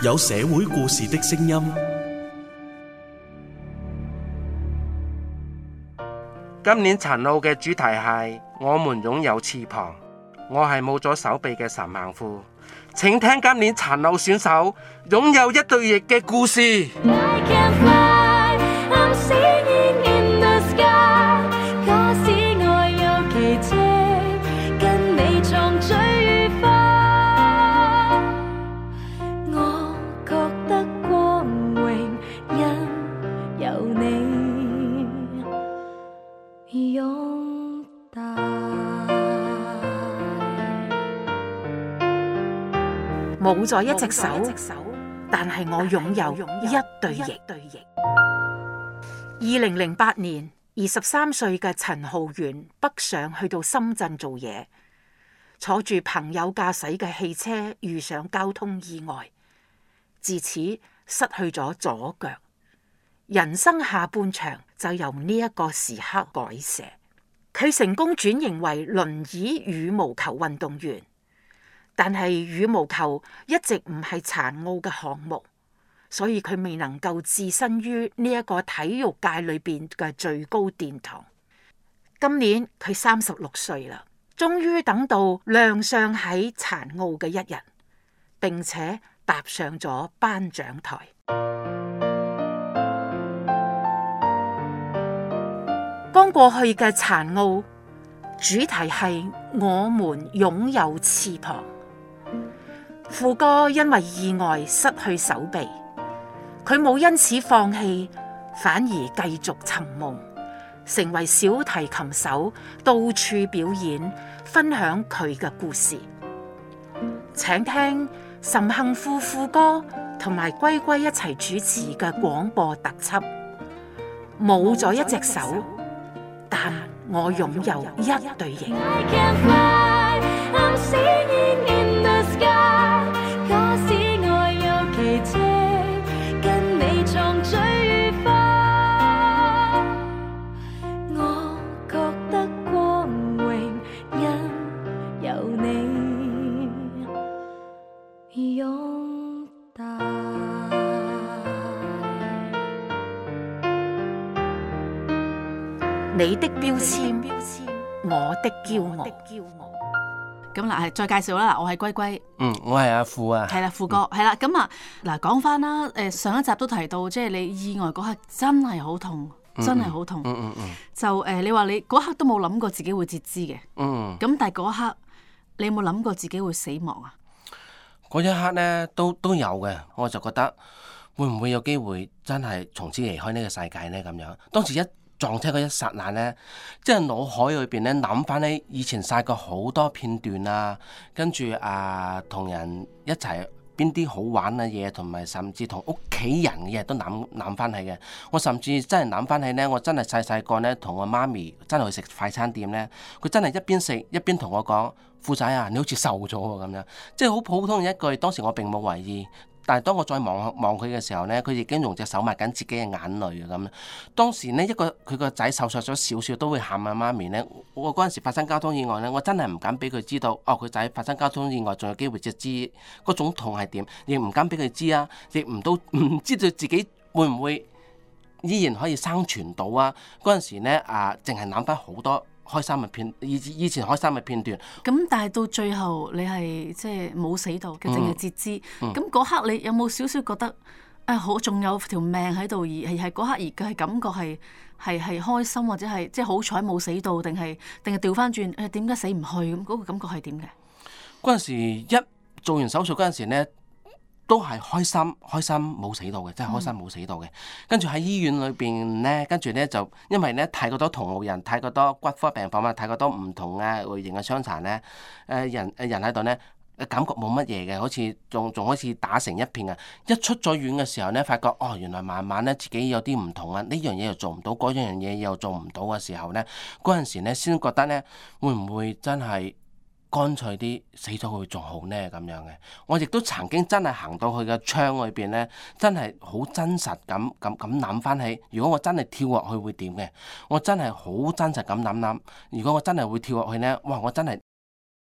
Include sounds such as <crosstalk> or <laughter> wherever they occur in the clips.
有社會故事的聲音。今年殘奧嘅主題係，我們擁有翅膀。我係冇咗手臂嘅岑孟富，請聽今年殘奧選手擁有一對翼嘅故事。冇咗一隻手，但係我擁有一對翼。二零零八年，二十三歲嘅陳浩源北上去到深圳做嘢，坐住朋友駕駛嘅汽車遇上交通意外，自此失去咗左腳。人生下半場就由呢一個時刻改寫，佢成功轉型為輪椅羽毛球運動員。但係羽毛球一直唔係殘奧嘅項目，所以佢未能夠置身於呢一個體育界裏邊嘅最高殿堂。今年佢三十六歲啦，終於等到亮相喺殘奧嘅一日，並且踏上咗頒獎台。剛 <music> 過去嘅殘奧主題係我們擁有翅膀。富哥因為意外失去手臂，佢冇因此放棄，反而繼續尋夢，成為小提琴手，到處表演，分享佢嘅故事。請聽岑幸富富哥同埋龜龜一齊主持嘅廣播特輯。冇咗一隻手，但我擁有一對翼。你的標籤，標籤我的驕傲，我的驕傲。咁嗱，係再介紹啦。我係龜龜，嗯，我係阿富啊，係啦，富哥，係啦、嗯。咁啊，嗱，講翻啦。誒，上一集都提到，即係你意外嗰刻真係好痛，真係好痛。嗯嗯嗯嗯就誒、呃，你話你嗰刻都冇諗過自己會截肢嘅。咁、嗯嗯、但係嗰一刻，你有冇諗過自己會死亡啊？嗰一刻呢，都都有嘅。我就覺得會唔會有機會真係從此離開呢個世界呢？咁樣，當時一。撞車嗰一剎那呢，即係腦海裏邊呢，諗翻起以前晒過好多片段啊，跟住啊同人一齊邊啲好玩嘅嘢，同埋甚至同屋企人嘅嘢都諗諗翻起嘅。我甚至真係諗翻起呢，我真係細細個呢，同我媽咪真係去食快餐店呢，佢真係一邊食一邊同我講：富仔啊，你好似瘦咗喎咁樣。即係好普通嘅一句，當時我並冇為意。但係當我再望望佢嘅時候呢，佢已經用隻手抹緊自己嘅眼淚啊咁。當時咧，一個佢個仔受傷咗少少都會喊啊媽咪呢？我嗰陣時發生交通意外呢，我真係唔敢俾佢知道。哦，佢仔發生交通意外仲有機會知知嗰種痛係點，亦唔敢俾佢知啊，亦唔都唔知道自己會唔會依然可以生存到啊。嗰陣時咧啊，淨係諗翻好多。開三日片以以前開三日片段，咁，嗯嗯，但係到最後你係即係冇死，哎，死到，淨係截肢。咁嗰刻你有冇少少覺得啊好，仲有條命喺度而而係嗰刻而佢嘅感覺係係係開心或者係即係好彩冇死到，定係定係掉返轉誒點解死唔去咁，嗰個感覺係點嘅？嗰陣時一做完手術嗰陣時咧。都係開心，開心冇死到嘅，真係開心冇死到嘅。嗯、跟住喺醫院裏邊呢，跟住呢就因為呢，太過多同路人，太過多骨科病房啊，太過多唔同嘅類型嘅傷殘呢。誒、呃、人人喺度呢，感覺冇乜嘢嘅，好似仲仲好似打成一片啊！一出咗院嘅時候呢，發覺哦，原來慢慢呢，自己有啲唔同啊，呢樣嘢又做唔到，嗰樣嘢又做唔到嘅時候呢，嗰陣時呢先覺得呢，會唔會真係，乾脆啲死咗佢仲好呢，咁樣嘅，我亦都曾經真係行到去個窗裏邊呢，真係好真實咁咁咁諗翻起，如果我真係跳落去會點嘅，我真係好真實咁諗諗，如果我真係會跳落去呢？哇！我真係，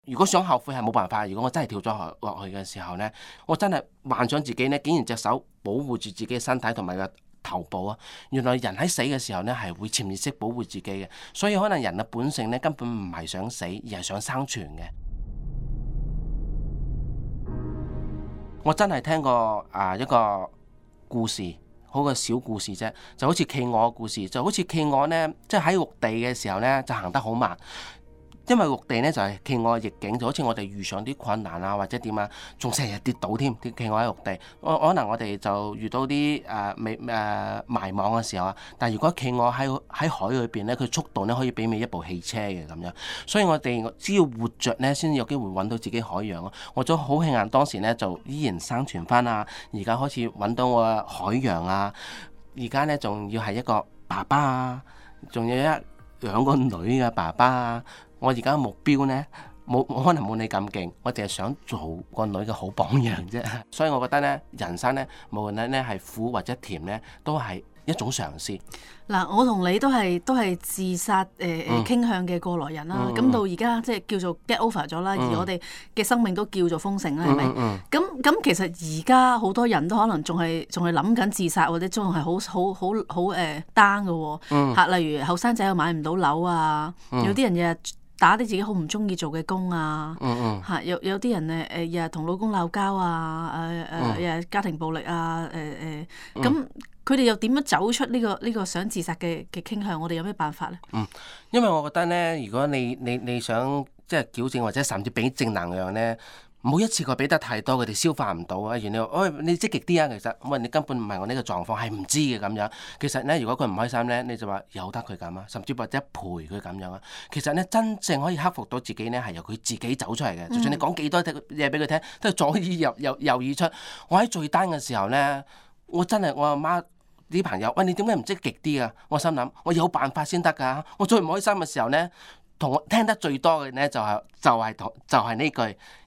如果想後悔係冇辦法，如果我真係跳咗落去嘅時候呢，我真係幻想自己呢，竟然隻手保護住自己嘅身體同埋嘅。頭部啊！原來人喺死嘅時候呢，係會潛意識保護自己嘅，所以可能人嘅本性呢根本唔係想死，而係想生存嘅。 <music> 我真係聽過啊一個故事，好個小故事啫，就好似企鵝嘅故事，就好似企鵝呢，即係喺陸地嘅時候呢就行得好慢。因為陸地呢，就係企鵝逆境，就好似我哋遇上啲困難啊，或者點啊，仲成日跌倒添。啲企鵝喺陸地，我可能我哋就遇到啲誒、呃呃、迷誒迷惘嘅時候啊。但如果企鵝喺喺海裏邊呢，佢速度呢可以媲美一部汽車嘅咁樣。所以我哋只要活着呢，先有機會揾到自己海洋咯。我咗好慶幸當時呢，就依然生存翻啊！而家開始揾到我海洋啊！而家呢，仲要係一個爸爸，啊，仲有一兩個女嘅爸爸。啊。我而家嘅目標呢，冇可能冇你咁勁，我淨係想做個女嘅好榜樣啫。所以我覺得呢，人生咧無論咧係苦或者甜呢，都係一種嘗試。嗱，我同你都係都係自殺誒、呃、傾向嘅過來人啦。咁、嗯嗯嗯、到而家即係叫做 get over 咗啦，嗯、而我哋嘅生命都叫做豐盛啦，係咪、嗯？咁、嗯、咁、嗯嗯嗯、其實而家好多人都可能仲係仲係諗緊自殺或者仲係好好好好誒 down 嘅喎。例如後生仔又買唔到樓啊，有啲人日，打啲自己好唔中意做嘅工啊，嚇、嗯嗯啊、有有啲人誒誒、啊、日日同老公鬧交啊，誒、啊、誒、啊、日日家庭暴力啊，誒誒咁佢哋又點樣走出呢個呢個想自殺嘅嘅傾向？我哋有咩辦法咧？嗯，因為我覺得咧，如果你你你想即係矯正或者甚至俾正能量咧。每一次佢俾得太多，佢哋消化唔到啊！原來，哎，你積極啲啊！其實，喂，你根本唔係我呢個狀況，係唔知嘅咁樣。其實咧，如果佢唔開心咧，你就話由得佢咁啊，甚至或者陪佢咁樣啊。其實咧，真正可以克服到自己咧，係由佢自己走出嚟嘅。就算你講幾多嘢俾佢聽，都係左耳入入右耳出。我喺最 down 嘅時候咧，我真係我阿媽啲朋友，喂，你點解唔積極啲啊？我心諗，我有辦法先得㗎。我最唔開心嘅時候咧。同我聽得最多嘅咧，就係、係、就係、係、同就係、係、呢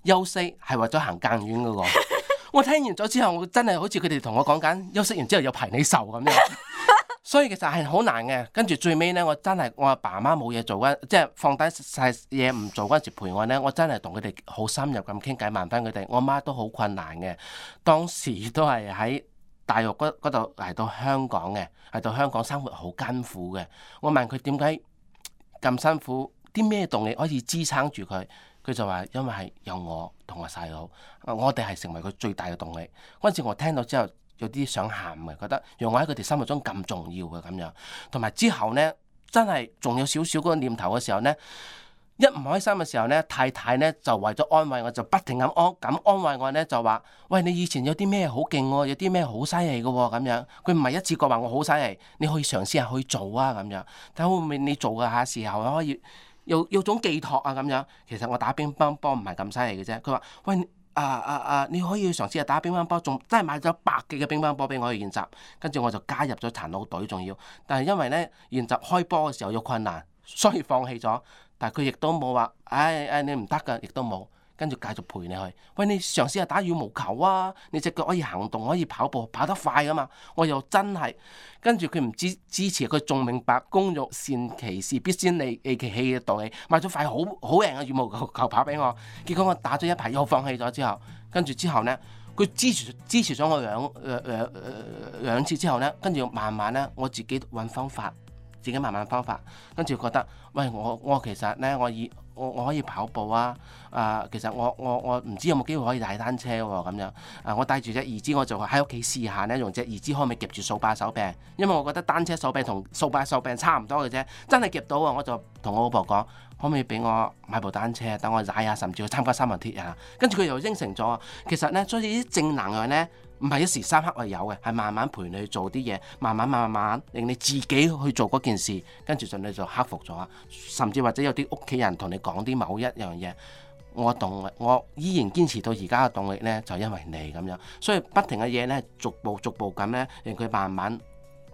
句休息係為咗行更遠嗰 <laughs> 我聽完咗之後，我真係好似佢哋同我講緊休息完之後有排你受咁樣。 <laughs> 所以其實係好難嘅。跟住最尾咧，我真係我阿爸媽冇嘢做嗰，即係放低晒嘢唔做嗰陣時陪我咧，我真係同佢哋好深入咁傾偈，問翻佢哋。我阿媽，媽都好困難嘅，當時都係喺大陸嗰度嚟到香港嘅，嚟到香港生活好艱苦嘅。我問佢點解咁辛苦？啲咩動力可以支撐住佢？佢就話因為係有我同我細佬，我哋係成為佢最大嘅動力。嗰陣時我聽到之後有啲想喊嘅，覺得讓我喺佢哋心目中咁重要嘅咁樣。同埋之後呢，真係仲有少少嗰個念頭嘅時候呢，一唔開心嘅時候呢，太太呢就為咗安慰我就不停咁安咁安慰我呢就話：喂，你以前有啲咩好勁喎？有啲咩好犀利嘅咁樣？佢唔係一次過話我好犀利，你可以嘗試下去做啊咁樣。睇會唔會你做嘅吓時候可以。有有種寄託啊咁樣，其實我打乒乓波唔係咁犀利嘅啫。佢話：喂啊啊啊，你可以嘗試下打乒乓波，仲真係買咗百幾嘅乒乓波俾我去練習。跟住我就加入咗殘奧隊，仲要。但係因為咧練習開波嘅時候有困難，所以放棄咗。但係佢亦都冇話：唉、哎，哎，你唔得㗎，亦都冇。跟住繼續陪你去。喂，你嘗試下打羽毛球啊，你隻腳可以行動，可以跑步，跑得快噶嘛？我又真係。跟住佢唔只支持，佢仲明白工欲善其事，必先利其器嘅道理，買咗塊好好靚嘅羽毛球球拍俾我。結果我打咗一排又放棄咗之後，跟住之後呢，佢支持支持咗我兩兩兩次之後呢。跟住慢慢呢，我自己揾方法，自己慢慢方法，跟住覺得，喂，我我其實呢，我以。我我可以跑步啊！啊、呃，其實我我我唔知有冇機會可以踩單車喎、啊、咁樣啊、呃！我帶住隻兒子，我就喺屋企試下呢，用隻兒子可唔可以夾住掃把手柄？因為我覺得單車手柄同掃把手柄差唔多嘅啫，真係夾到啊！我就同我老婆講。可唔可以俾我買部單車啊？等我踩啊，甚至去參加三文鐵啊！跟住佢又應承咗。其實呢，所以啲正能量呢，唔係一時三刻係有嘅，係慢慢陪你去做啲嘢，慢慢慢慢令你自己去做嗰件事，跟住順你就克服咗。甚至或者有啲屋企人同你講啲某一樣嘢，我動力，我依然堅持到而家嘅動力呢，就因為你咁樣。所以不停嘅嘢呢，逐步逐步咁呢，令佢慢慢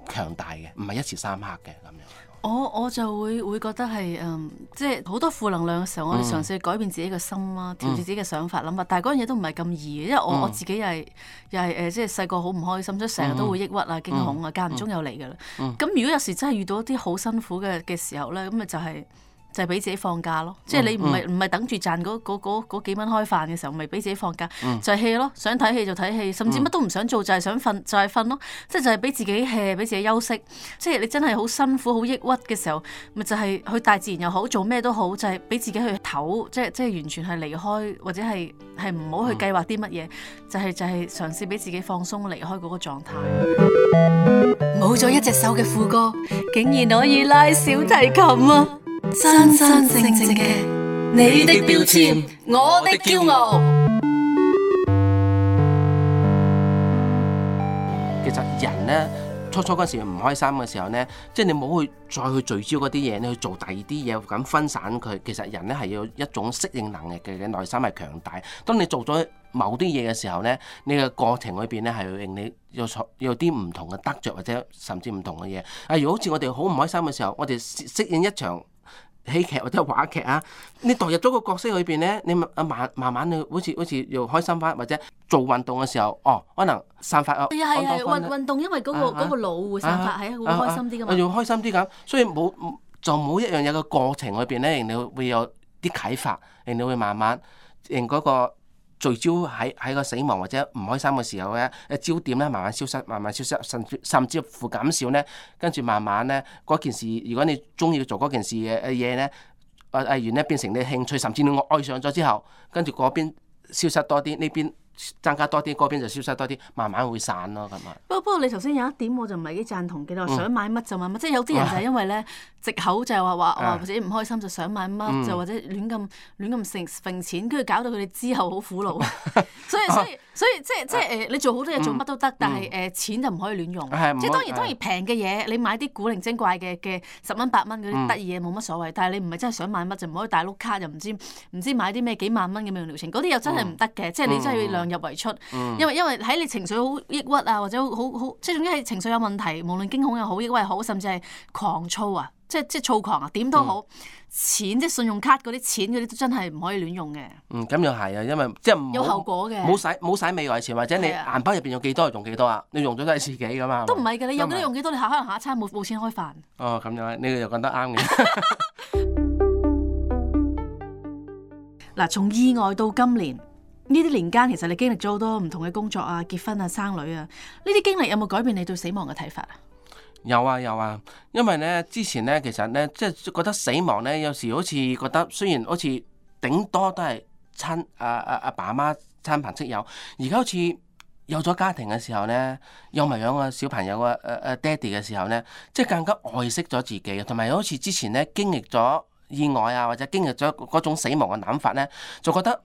強大嘅，唔係一時三刻嘅咁樣。我我就會會覺得係誒、嗯，即係好多負能量嘅時候，我哋嘗試改變自己嘅心啦，嗯、調節自己嘅想法諗法，嗯、但係嗰樣嘢都唔係咁易嘅，因為我、嗯、我自己又係又係誒，即係細個好唔開心，即成日都會抑鬱啊、驚恐啊，嗯、間唔中又嚟嘅啦。咁、嗯、如果有時真係遇到一啲好辛苦嘅嘅時候咧，咁咪就係、是。就係俾自己放假咯，即係你唔係唔係等住賺嗰幾蚊開飯嘅時候，咪俾自己放假，嗯、就係 hea 咯，想睇戲就睇戲，甚至乜都唔想做，就係、是、想瞓就係瞓咯，即係、嗯、就係俾自己 hea，俾自己休息。即、就、係、是、你真係好辛苦、好抑鬱嘅時候，咪就係、是、去大自然又好，做咩都好，就係、是、俾自己去唞，即係即係完全係離開或者係係唔好去計劃啲乜嘢，就係就係嘗試俾自己放鬆，離開嗰個狀態。冇咗一隻手嘅副歌，竟然可以拉小提琴啊！真真正正嘅，你的標籤，我的驕傲。其實人咧，初初嗰時唔開心嘅時候咧，即係你冇去再去聚焦嗰啲嘢，你去做第二啲嘢咁分散佢。其實人咧係要一種適應能力嘅，內心係強大。當你做咗某啲嘢嘅時候咧，你嘅過程裏邊咧係令你有有啲唔同嘅得着，或者甚至唔同嘅嘢。例如好似我哋好唔開心嘅時候，我哋適應一場。喜劇或者話劇啊，你代入咗個角色裏邊咧，你啊慢慢慢你好似好似要開心翻，或者做運動嘅時候，哦，可能散發啊，係啊係係運運動，因為嗰個嗰個腦會散發係會開心啲嘅嘛、啊啊啊啊，要開心啲咁，所以冇就冇一樣嘢嘅過程裏邊咧，人哋會有啲啟發，人哋會慢慢人嗰、嗰個。聚焦喺喺個死亡或者唔開心嘅時候咧，焦點咧慢慢消失，慢慢消失，甚至甚至乎減少。呢跟住慢慢呢嗰件事，如果你中意做嗰件事嘅嘢咧，藝員呢變成你興趣，甚至你我愛上咗之後，跟住嗰邊消失多啲，呢邊。增加多啲，嗰邊就消失多啲，慢慢會散咯，係咪？不過不過，你頭先有一點我就唔係幾贊同嘅，你話、嗯、想買乜就買乜，即係有啲人就係因為咧、啊、藉口就係話話話或者唔開心就想買乜，啊、就或者亂咁亂咁成揈錢，跟住搞到佢哋之後好苦惱， <laughs> <laughs> 所以所以。啊所以即係即係誒，你、呃嗯、做好多嘢做乜都得，但係誒、嗯、錢就唔可以亂用。嗯、即係當然、嗯、當然平嘅嘢，你買啲古靈精怪嘅嘅十蚊八蚊嗰啲得意嘢冇乜所謂。但係你唔係真係想買乜就唔可以大碌卡，又唔知唔知買啲咩幾萬蚊嘅美容療程，嗰啲又真係唔得嘅。嗯、即係你真係要量入為出，嗯、因為因為喺你情緒好抑鬱啊，或者好好即係總之係情緒有問題，無論驚恐又好抑鬱又好，甚至係狂躁啊。即即躁狂啊，點都好，嗯、錢即信用卡嗰啲錢嗰啲真係唔可以亂用嘅。嗯，咁又係啊，因為即有後果嘅冇冇使冇使未來錢，或者你銀包入邊有幾多就用幾多啊。你用咗都係自己㗎嘛。都唔係㗎，你有幾多用幾多。你下可能下一餐冇冇錢開飯。哦，咁呢你又講得啱嘅。嗱 <laughs> <laughs> 從意外到今年呢啲年間，其實你經歷咗好多唔同嘅工作啊、結婚啊、生女啊，呢啲經歷有冇改變你對死亡嘅睇法啊？有啊有啊，因為呢，之前呢，其實呢，即係覺得死亡呢，有時好似覺得雖然好似頂多都係親啊阿啊爸媽親朋戚友，而家好似有咗家庭嘅時候呢，有埋兩個小朋友啊誒誒、啊、爹哋嘅時候呢，即係更加愛惜咗自己，同埋好似之前呢，經歷咗意外啊或者經歷咗嗰種死亡嘅諗法呢，就覺得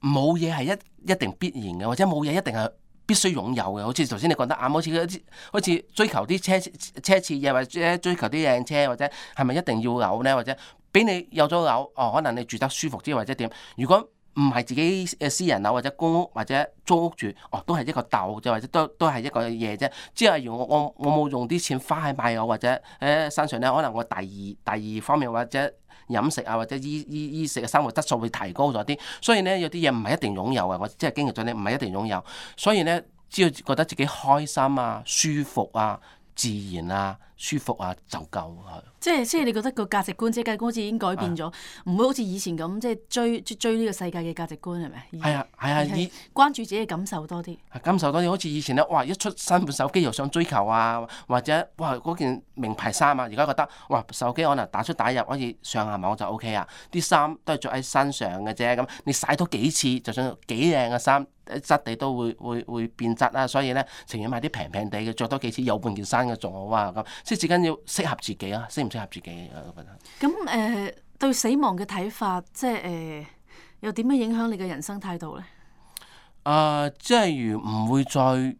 冇嘢係一一定必然嘅，或者冇嘢一定係。必須擁有嘅，好似頭先你講得啱，好似好似追求啲奢奢侈嘢，或者追求啲靚車，或者係咪一定要樓呢？或者俾你有咗樓，哦，可能你住得舒服啲，或者點？如果唔係自己私人樓，或者公屋或者租屋住，哦，都係一個斗，啫，或者都都係一個嘢啫。即係如我我我冇用啲錢花喺買樓，或者誒身上呢，可能我第二第二方面或者。飲食啊，或者衣衣，衣食嘅生活質素會提高咗啲，所以咧有啲嘢唔係一定擁有啊，我即係經歷咗咧唔係一定擁有，所以咧只要覺得自己開心啊、舒服啊。自然啊，舒服啊就夠啊，即係即係，你覺得個價值觀，即係價值觀好似已經改變咗，唔、哎、呀會好似以前咁，即係追追呢個世界嘅價值觀係咪？係啊係啊，以、哎、呀關注自己嘅感受多啲、哎。感受多啲，好似以前咧，哇！一出新部手機又想追求啊，或者哇嗰件名牌衫啊，而家覺得哇手機可能打出打入可以上下網就 O、OK、K 啊，啲衫都係着喺身上嘅啫。咁你洗多幾次，就想幾靚嘅衫。質地都會會會變質啊，所以咧，情願買啲平平地嘅，着多幾次有半件衫嘅仲好啊。咁即係至緊要適合自己啊，適唔適合自己。咁誒、呃、對死亡嘅睇法，即係誒、呃、又點樣影響你嘅人生態度咧？啊、呃，即係如唔會再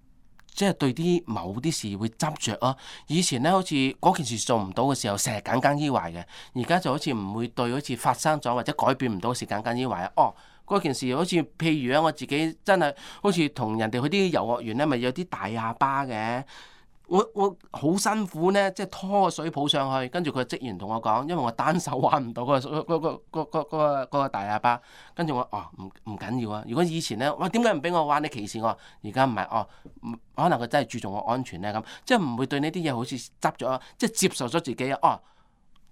即係對啲某啲事會執着啊。以前咧，好似嗰件事做唔到嘅時候，成日耿耿於懷嘅。而家就好似唔會對好似發生咗或者改變唔到嘅事耿耿於懷哦。嗰件事好似譬如咧，我自己真係好似同人哋去啲遊樂園咧，咪有啲大喇叭嘅。我我好辛苦咧，即係拖個水泡上去，跟住佢職員同我講，因為我單手玩唔到嗰個嗰個嗰個嗰個大喇叭。跟住我哦，唔唔緊要啊！如果以前咧，我點解唔俾我玩？你歧視我？而家唔係哦，可能佢真係注重我安全咧咁，即係唔會對呢啲嘢好似執咗，即係接受咗自己哦，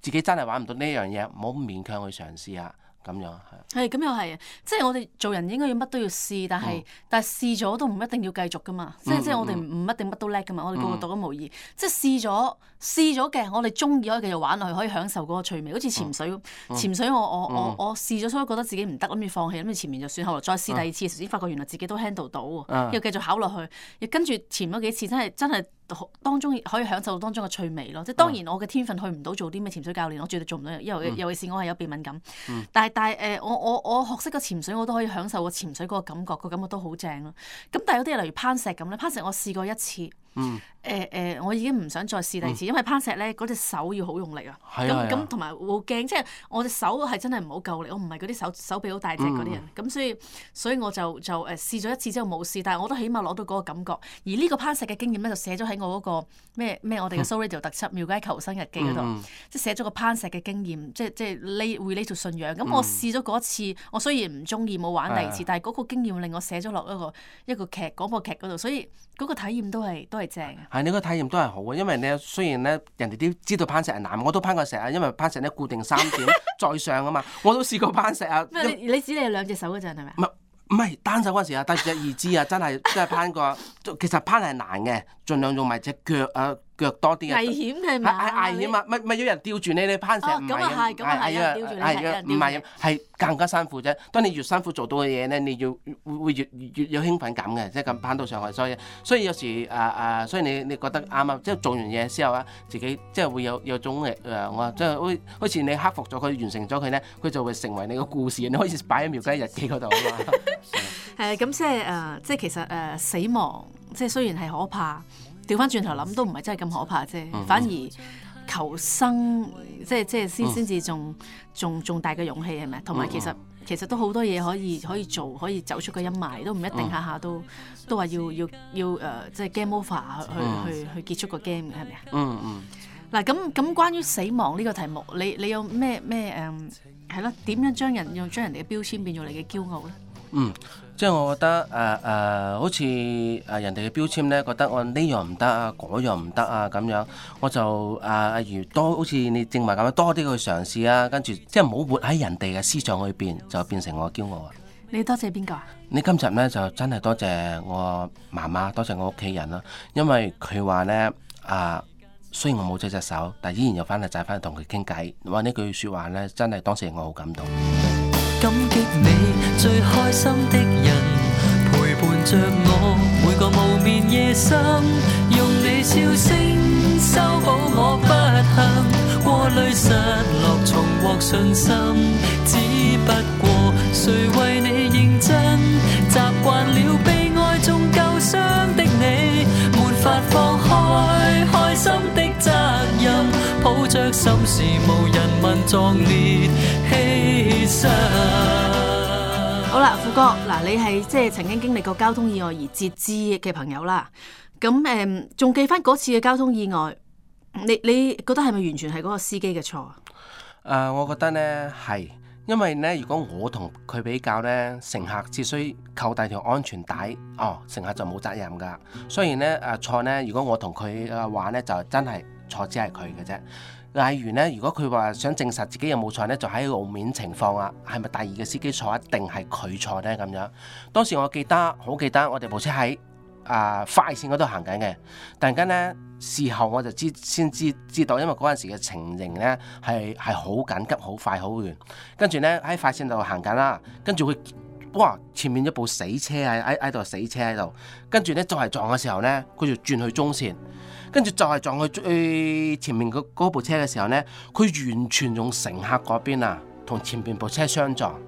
自己真係玩唔到呢樣嘢，唔好勉強去嘗試啊！咁樣係，係咁又係，即係我哋做人應該要乜都要試，但係、嗯、但係試咗都唔一定要繼續㗎嘛，嗯、即係即係我哋唔一定乜都叻㗎嘛，嗯、我哋個個都獨一無二，嗯、即係試咗。試咗嘅，我哋中意可以繼續玩落去，可以享受嗰個趣味，好似潛水咁。Uh, uh, 潛水我我我 uh, uh, 我試咗，所以，覺得自己唔得，諗住放棄，諗住前面就算，後來再試第二次，先、uh. 發覺原來自己都 handle 到，uh, uh. 又繼續考落去，又跟住潛咗幾次，真係真係當中可以享受到當中嘅趣味咯。即係當然我嘅天分去唔到做啲咩潛水教練，我絕對做唔到，因為尤其是我係有鼻敏感。Uh. 但係但係誒、呃，我我我學識個潛水，我都可以享受個潛水嗰個感覺，個感覺都好正咯。咁但係有啲例如攀石咁咧，攀石我試過一次。嗯，誒、欸欸、我已經唔想再試第二次，嗯、因為攀石咧嗰隻手要好用力啊。咁咁同埋好驚，即係、就是、我隻手係真係唔好夠力，我唔係嗰啲手手臂好大隻嗰啲人。咁、嗯、所以所以我就就誒、呃、試咗一次之後冇試，但係我都起碼攞到嗰個感覺。而呢個攀石嘅經驗咧就寫咗喺我嗰個咩咩我哋嘅 Soul Radio 特輯《廟街求生日記》嗰度，嗯、即係寫咗個攀石嘅經驗，即係即係 l 信仰。咁我試咗嗰一次，嗯、我雖然唔中意冇玩第二次，嗯、但係嗰個經驗令我寫咗落一個一個劇，嗰部劇嗰度，所以嗰個體驗都係都係。正係，你、那個體驗都係好嘅，因為你雖然咧，人哋都知道攀石係難，我都攀過石啊。因為攀石咧，固定三點再上啊嘛， <laughs> 我都試過攀石啊。咩？你指你，你兩隻手嗰陣係咪？唔係唔係，單手嗰陣時啊，帶住隻二支啊，真係真係攀過。 <laughs> 其實攀係難嘅，盡量用埋隻腳啊。腳多啲危險嘅嘛，危險啊！咪咪有人吊住你，你攀石唔係咁係啊！唔危險，係更加辛苦啫。當你越辛苦做到嘅嘢咧，你要會會越越有興奮感嘅，即係咁攀到上去。所以所以有時啊啊，所以你你覺得啱啱，即係做完嘢之後啊，自己即係會有有種誒誒，我即係好似你克服咗佢，完成咗佢咧，佢就會成為你個故事。你可以擺喺廟街日記嗰度啊嘛。誒咁即係誒，即係其實誒死亡，即係雖然係可怕。調翻轉頭諗都唔係真係咁可怕啫，uh huh. 反而求生即係即係先先至仲仲仲大嘅勇氣係咪？同埋其實其實都好多嘢可以可以做，可以走出個陰霾，都唔一定下下都、uh huh. 都話要要要誒、呃，即係 game over 去、uh huh. 去去，去結束個 game 係咪啊？嗯嗯、uh。嗱咁咁關於死亡呢個題目，你你，你有咩咩誒係咯？點樣將人用將人哋嘅標籤變做你嘅驕傲咧？嗯。嗯嗯嗯嗯嗯嗯嗯嗯。即係我覺得誒誒、呃呃，好似誒人哋嘅標籤咧，覺得我呢樣唔得啊，嗰樣唔得啊咁樣，我就誒、呃、如多好似你正話咁樣多啲去嘗試啊，跟住即係唔好活喺人哋嘅思想裏邊，就變成我嘅驕傲啊！你多謝邊個啊？你今集咧就真係多謝我媽媽，多謝我屋企人啦、啊，因為佢話咧誒，雖然我冇咗隻手，但依然又翻嚟，再翻嚟同佢傾偈。哇！呢句説話咧，真係當時我好感動。感激你最開心的人，陪伴着我每個無眠夜深，用你笑聲修補我不幸，過濾失落重獲信心。只不過誰為你認真？習慣了被愛中受傷的你，沒法放開開心的。抱著心事，無人問壯烈犧牲。好啦，富哥，嗱，你係即係曾經經歷過交通意外而截肢嘅朋友啦。咁誒，仲、嗯、記翻嗰次嘅交通意外，你你覺得係咪完全係嗰個司機嘅錯啊？誒、呃，我覺得呢係，因為呢，如果我同佢比較呢，乘客只需扣大條安全帶，哦，乘客就冇責任噶。雖然呢，誒、啊、錯呢，如果我同佢嘅話呢，就真係。錯只係佢嘅啫。例如呢，如果佢話想證實自己有冇錯呢，就喺路面情況啊，係咪第二個司機錯、啊，定係佢錯呢。咁樣當時我記得好記得我，我哋部車喺啊快線嗰度行緊嘅。突然間呢，事後我就知先知知道，因為嗰陣時嘅情形呢係係好緊急、好快、好遠。跟住呢，喺快線度行緊啦，跟住佢哇前面一部死車喺喺度死車喺度，跟住呢，再就係撞嘅時候呢，佢就轉去中線。跟住就係撞去最前面嗰部車嘅時候呢，佢完全用乘客嗰邊啊，同前面部車相撞。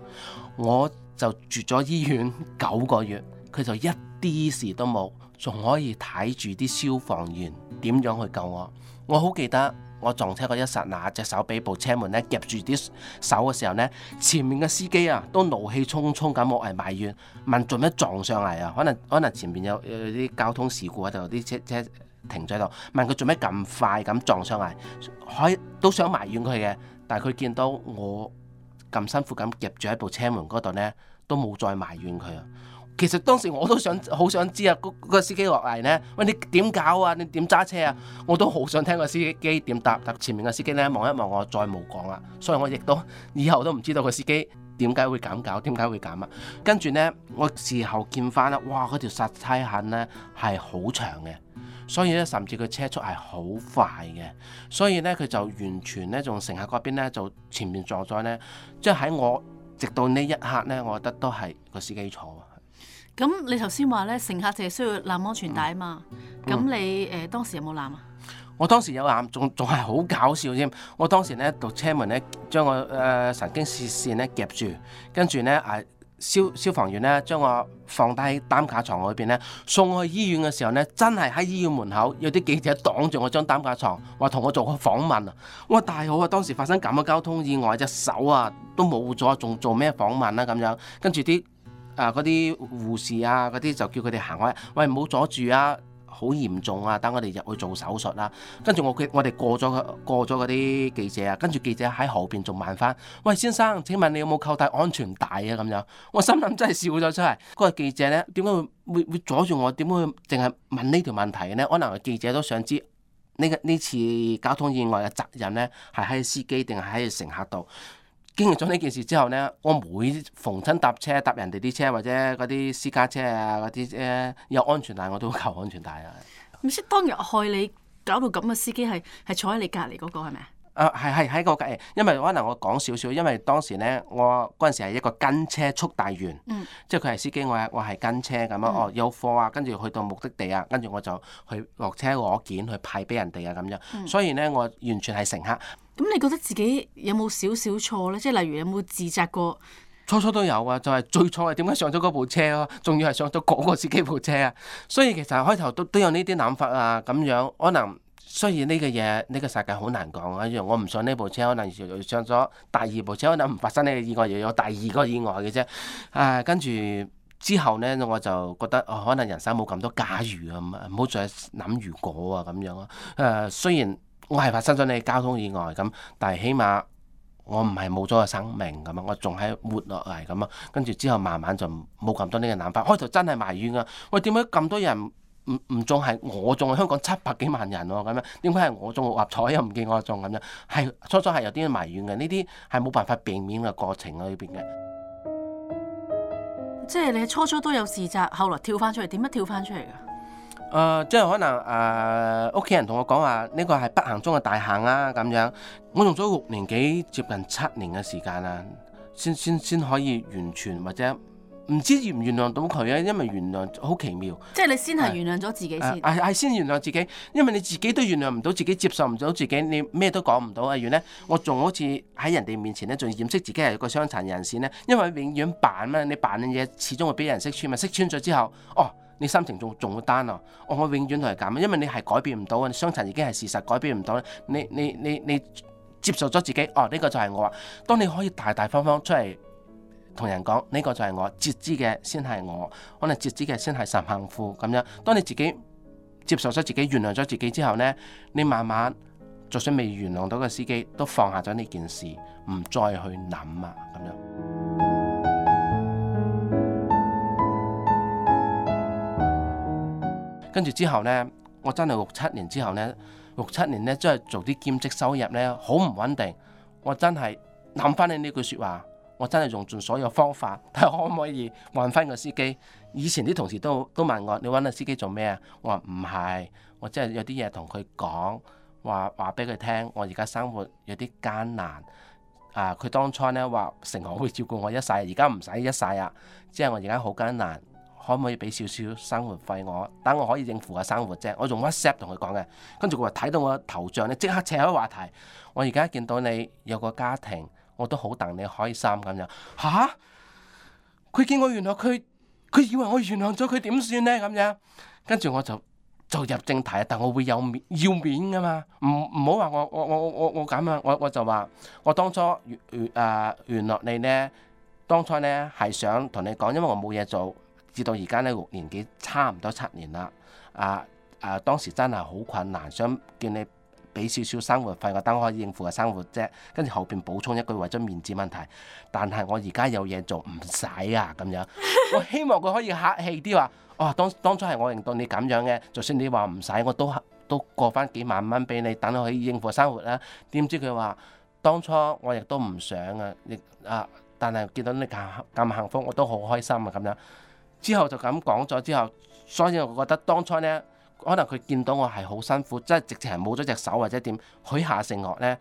我就住咗醫院九個月，佢就一啲事都冇，仲可以睇住啲消防員點樣去救我。我好記得我撞車嗰一剎那隻手俾部車門呢夾住啲手嘅時候呢，前面嘅司機啊都怒氣沖沖咁，我係埋怨問做咩撞上嚟啊？可能可能前面有有啲交通事故啊，就啲車車。車停咗喺度，問佢做咩咁快咁撞上嚟，我都想埋怨佢嘅。但係佢見到我咁辛苦咁夾住喺部車門嗰度呢，都冇再埋怨佢啊。其實當時我都想好想知啊，嗰個司機落嚟呢，喂你點搞啊？你點揸車啊？我都好想聽個司機點答。但前面嘅司機呢，望一望我，再冇講啦。所以我亦都以後都唔知道個司機點解會咁搞，點解會咁啊。跟住呢，我事後見翻啦，哇！嗰條剎車痕呢，係好長嘅。所以咧，甚至佢車速係好快嘅，所以咧佢就完全咧，仲乘客嗰邊咧就前面撞咗咧，即係喺我直到呢一刻咧，我覺得都係個司機坐。咁你頭先話咧，乘客淨係需要攬安全帶啊嘛。咁、嗯嗯、你誒、呃、當時有冇攬啊？我當時有攬，仲仲係好搞笑添。我當時咧，度車門咧，將我誒、呃、神經視線咧夾住，跟住咧啊！消消防員咧，將我放低喺擔架床裏邊咧，送我去醫院嘅時候咧，真係喺醫院門口有啲記者擋住我張擔架床，話同我做個訪問。我話大好啊，當時發生咁嘅交通意外，隻手啊都冇咗，仲做咩訪問啦？咁樣，跟住啲誒嗰啲護士啊嗰啲就叫佢哋行開，喂，唔好阻住啊！好嚴重啊！等我哋入去做手術啦，啊。跟住我嘅，我哋過咗個過咗嗰啲記者啊。跟住記者喺後邊仲問翻，喂，先生，請問你有冇扣帶安全帶啊？咁樣，我心諗真係笑咗出嚟。嗰個記者呢，點解會會會阻住我？點解會淨係問呢條問題呢？可能記者都想知呢個呢次交通意外嘅責任呢，係喺司機定係喺乘客度。經歷咗呢件事之後咧，我每逢親搭車、搭人哋啲車或者嗰啲私家車啊，嗰啲車有安全帶我都扣安全帶啊。唔知當日害你搞到咁嘅司機係係坐喺你隔籬嗰個係咪啊？啊，係係喺個誒，因為可能我講少少，因為當時咧，我嗰陣時係一個跟車速遞員，嗯、即係佢係司機，我係我係跟車咁啊。哦、嗯，我有貨啊，跟住去到目的地啊，跟住我就去落車攞件去派俾人哋啊咁樣。嗯、所以咧，我完全係乘客。咁你覺得自己有冇少少錯咧？即係例如有冇自責過？初初都有啊，就係、是、最初係點解上咗嗰部車咯、啊，仲要係上咗嗰個司機部車啊。所以其實開頭都都有呢啲諗法啊，咁樣可能。所然呢個嘢，呢、這個世界好難講啊！因為我唔上呢部車，可能上咗第二部車，可能唔發生呢個意外，又有第二個意外嘅啫。誒，跟住之後呢，我就覺得、呃、可能人生冇咁多假如啊，唔好再諗如果啊咁樣咯。誒、呃，雖然我係發生咗你交通意外咁，但係起碼我唔係冇咗個生命咁啊，我仲喺活落嚟咁啊。跟住之後慢慢就冇咁多呢個諗法。開頭真係埋怨啊！喂，點解咁多人？唔唔中係我仲中，香港七百幾萬人喎，咁樣點解係我中六合彩又唔見我中咁樣？係初初係有啲埋怨嘅，呢啲係冇辦法避免嘅過程裏邊嘅。即係你初初都有自責，後來跳翻出嚟，點樣跳翻出嚟㗎？誒、呃，即係可能誒，屋、呃、企人同我講話，呢、這個係不幸中嘅大幸啊，咁樣。我用咗六年幾，接近七年嘅時間啊，先先先可以完全或者。唔知能能原唔原諒到佢啊，因為原諒好奇妙。即係你先係原諒咗自己先。係是、啊、先原諒自己，因為你自己都原諒唔到自己，接受唔到自己，你咩都講唔到啊！原來我仲好似喺人哋面前咧，仲掩飾自己係個傷殘人士咧。因為永遠扮嘛，你扮嘅嘢始終會俾人識穿，咪識穿咗之後，哦，你心情仲仲會 down、啊、哦。我永遠都係咁，因為你係改變唔到啊，傷殘已經係事實，改變唔到。你你你你,你接受咗自己，哦，呢、這個就係我啊。當你可以大大,大方方出嚟。同人講，呢個就係我，截肢嘅先係我，可能截肢嘅先係神幸福咁樣。當你自己接受咗自己，原諒咗自己之後呢，你慢慢就算未原諒到個司機，都放下咗呢件事，唔再去諗啊咁樣。跟住之後呢，我真係六七年之後呢，六七年呢，真係做啲兼職收入呢，好唔穩定。我真係諗翻你呢句說話。我真係用盡所有方法，睇 <laughs> 可唔可以換翻個司機。以前啲同事都都問我：你揾個司機做咩啊？我話唔係，我真係有啲嘢同佢講，話話俾佢聽。我而家生活有啲艱難。啊，佢當初呢話成行會照顧我一世，而家唔使一世啊。即係我而家好艱難，可唔可以俾少少生活費我？等我可以應付個生活啫。我用 WhatsApp 同佢講嘅，跟住佢話睇到我頭像咧，即刻扯開話題。我而家見到你有個家庭。我都好戥你開心咁樣，吓、啊？佢見我原諒佢，佢以為我原諒咗佢點算呢？咁樣？跟住我就就入正題，但我會有面要面㗎嘛？唔唔好話我我我我我咁啊！我我，我，我，樣我，我就話我當初原原、呃呃、原諒你呢，當初呢係想同你講，因為我冇嘢做，至到而家呢，六年幾差唔多七年啦。啊、呃、啊、呃、當時真係好困難，想見你。俾少少生活費，等我單可以應付個生活啫。跟住後邊補充一句，為咗面子問題，但係我而家有嘢做，唔使啊咁樣。我希望佢可以客氣啲話，哦、啊、當當初係我認到你咁樣嘅，就算你話唔使，我都都過翻幾萬蚊俾你，等我可以應付生活啦、啊。點知佢話當初我亦都唔想啊，亦啊，但係見到你咁幸福，我都好開心啊咁樣。之後就咁講咗之後，所以我覺得當初呢。可能佢見到我係好辛苦，即係直情係冇咗隻手或者點，許下承諾呢，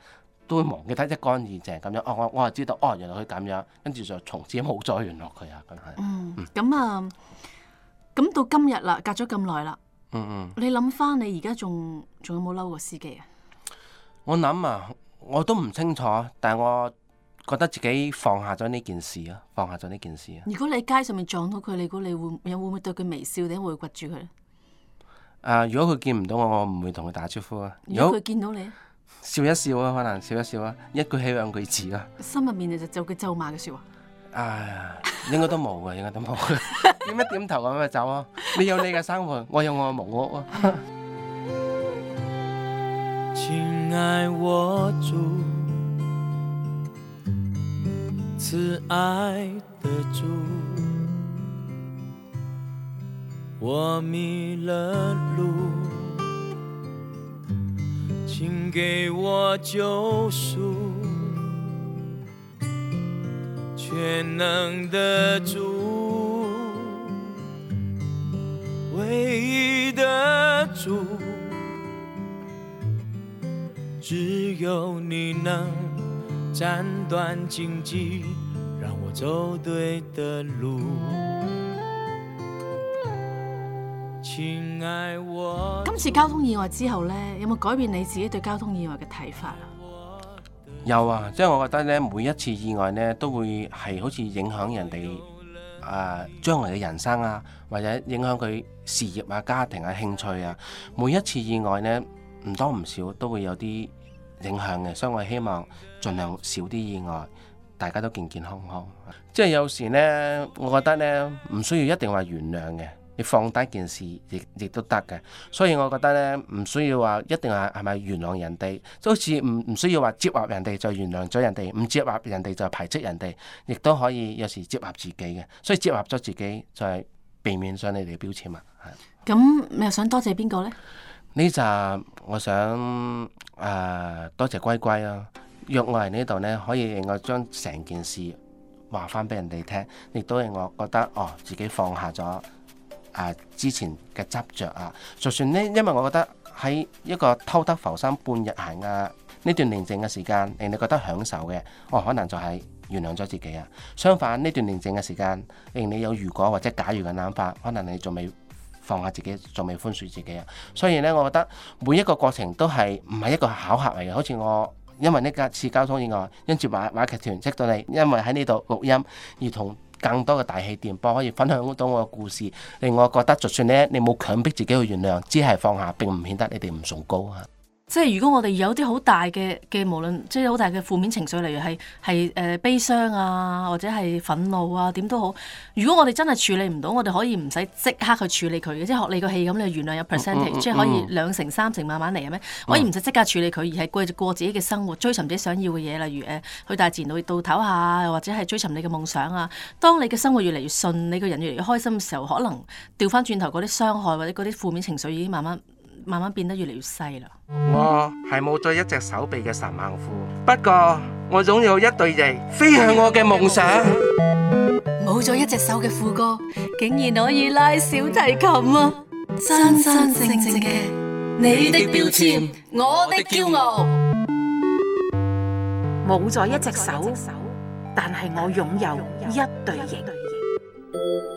都會忘記得一乾二淨咁樣。哦，我我就知道，哦，原來佢咁樣，跟住就從此冇再聯絡佢啊咁係。咁啊，咁、嗯嗯、到今日啦，隔咗咁耐啦。嗯嗯，你諗翻，你而家仲仲有冇嬲過司機啊？我諗啊，我都唔清楚，但係我覺得自己放下咗呢件事啊，放下咗呢件事啊。如果你街上面撞到佢，你估你會有會唔會對佢微笑定會掘住佢咧？啊、呃！如果佢見唔到我，我唔會同佢打招呼啊。如果佢見到你，笑一笑啊，可能笑一笑啊，一句起兩句字啊。心入面就就佢咒罵嘅笑啊。啊，應該都冇嘅，應該都冇。點 <laughs> <laughs> 一點頭咁咪走啊？你有你嘅生活， <laughs> 我有我嘅木屋啊。我咯。慈愛的我迷了路，請給我救贖，全能的主，唯一的主，只有你能斬斷荊棘，讓我走對的路。今次交通意外之後呢，有冇改變你自己對交通意外嘅睇法啊？有啊，即係我覺得呢，每一次意外呢，都會係好似影響人哋啊將來嘅人生啊，或者影響佢事業啊、家庭啊、興趣啊。每一次意外呢，唔多唔少都會有啲影響嘅，所以我希望盡量少啲意外，大家都健健康康。即係有時呢，我覺得呢，唔需要一定話原諒嘅。你放低件事，亦亦都得嘅。所以我覺得咧，唔需要話一定係係咪原諒人哋，都好似唔唔需要話接納人哋，就原諒咗人哋，唔接納人哋就排斥人哋，亦都可以有時接納自己嘅。所以接納咗自己，就係避免上你哋嘅標籤啊。咁你又想多謝邊個呢？呢集我想誒、呃、多謝乖乖咯。若我係呢度呢，可以令我將成件事話翻俾人哋聽，亦都令我覺得哦，自己放下咗。啊！之前嘅執着啊，就算呢，因為我覺得喺一個偷得浮生半日閒啊，呢段寧靜嘅時間，令你覺得享受嘅，我、哦、可能就係原諒咗自己啊。相反，呢段寧靜嘅時間，令你有如果或者假如嘅諗法，可能你仲未放下自己，仲未寬恕自己啊。所以呢，我覺得每一個過程都係唔係一個巧合嚟嘅，好似我因為呢家次交通意外，因此話話劇團識到你，因為喺呢度錄音而同。更多嘅大氣電波可以分享到我嘅故事，令我覺得就算咧，你冇強迫自己去原諒，只係放下，並唔顯得你哋唔崇高。即係如果我哋有啲好大嘅嘅無論，即係好大嘅負面情緒，例如係係誒悲傷啊，或者係憤怒啊，點都好。如果我哋真係處理唔到，我哋可以唔使即刻去處理佢，即係學你個戲咁，你原諒有 percentage，、嗯嗯嗯、即係可以兩成、三成慢慢嚟，係咩、嗯？可以唔使即刻處理佢，而係過過自己嘅生活，追尋自己想要嘅嘢，例如誒、呃、去大自然度唞下或者係追尋你嘅夢想啊。當你嘅生活越嚟越順，你個人越嚟越開心嘅時候，可能調翻轉頭嗰啲傷害或者嗰啲負面情緒已經慢慢。慢慢變得越嚟越細啦！我係冇咗一隻手臂嘅神猛夫，不過我擁有一對翼，飛向我嘅夢想。冇咗一隻手嘅富哥，竟然可以拉小提琴啊！真真正正嘅，你的標籤，我的驕傲。冇咗一隻手，但係我擁有一對翼。